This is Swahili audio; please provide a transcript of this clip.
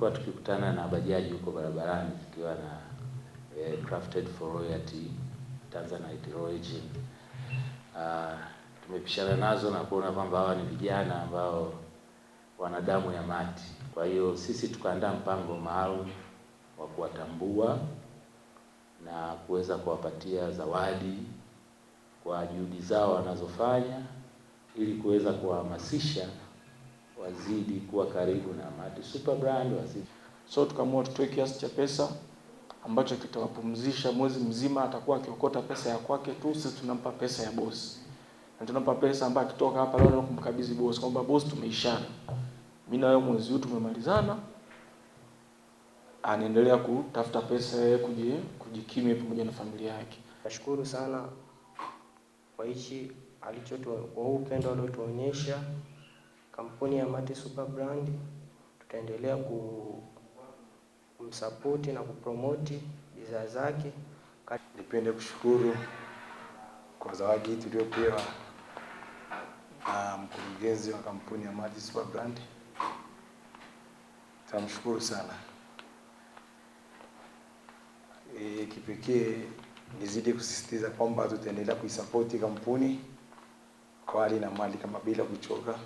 tumekuwa tukikutana na bajaji huko barabarani tukiwa na eh, Crafted for Royalty Tanzanite origin. Uh, ah, tumepishana nazo na kuona kwamba hawa ni vijana ambao wana damu ya mati. Kwa hiyo sisi tukaandaa mpango maalum wa kuwatambua na kuweza kuwapatia zawadi kwa juhudi zao wanazofanya ili kuweza kuwahamasisha wazidi kuwa karibu na Amati Superbrand, wazidi. So tukaamua tutoe kiasi cha pesa ambacho kitawapumzisha mwezi mzima, atakuwa akiokota pesa ya kwake tu, sisi tunampa pesa ya bosi. Na tunampa pesa ambayo akitoka hapa leo na kumkabidhi bosi kwamba bosi, tumeishana. Mimi na wewe mwezi huu tumemalizana. Anaendelea kutafuta pesa yeye kuji, kujikimu pamoja na familia yake. Nashukuru sana kwa hichi alichotu kwa upendo aliotuonyesha. Kampuni ya Mati Super Brand tutaendelea kumsapoti na kupromoti bidhaa zake. Nipende kushukuru kwa zawadi tuliyopewa na mkurugenzi wa kampuni ya Mati Super Brand, tamshukuru sana. E, kipekee nizidi kusisitiza kwamba tutaendelea kuisapoti kampuni kwa hali na mali kama bila kuchoka.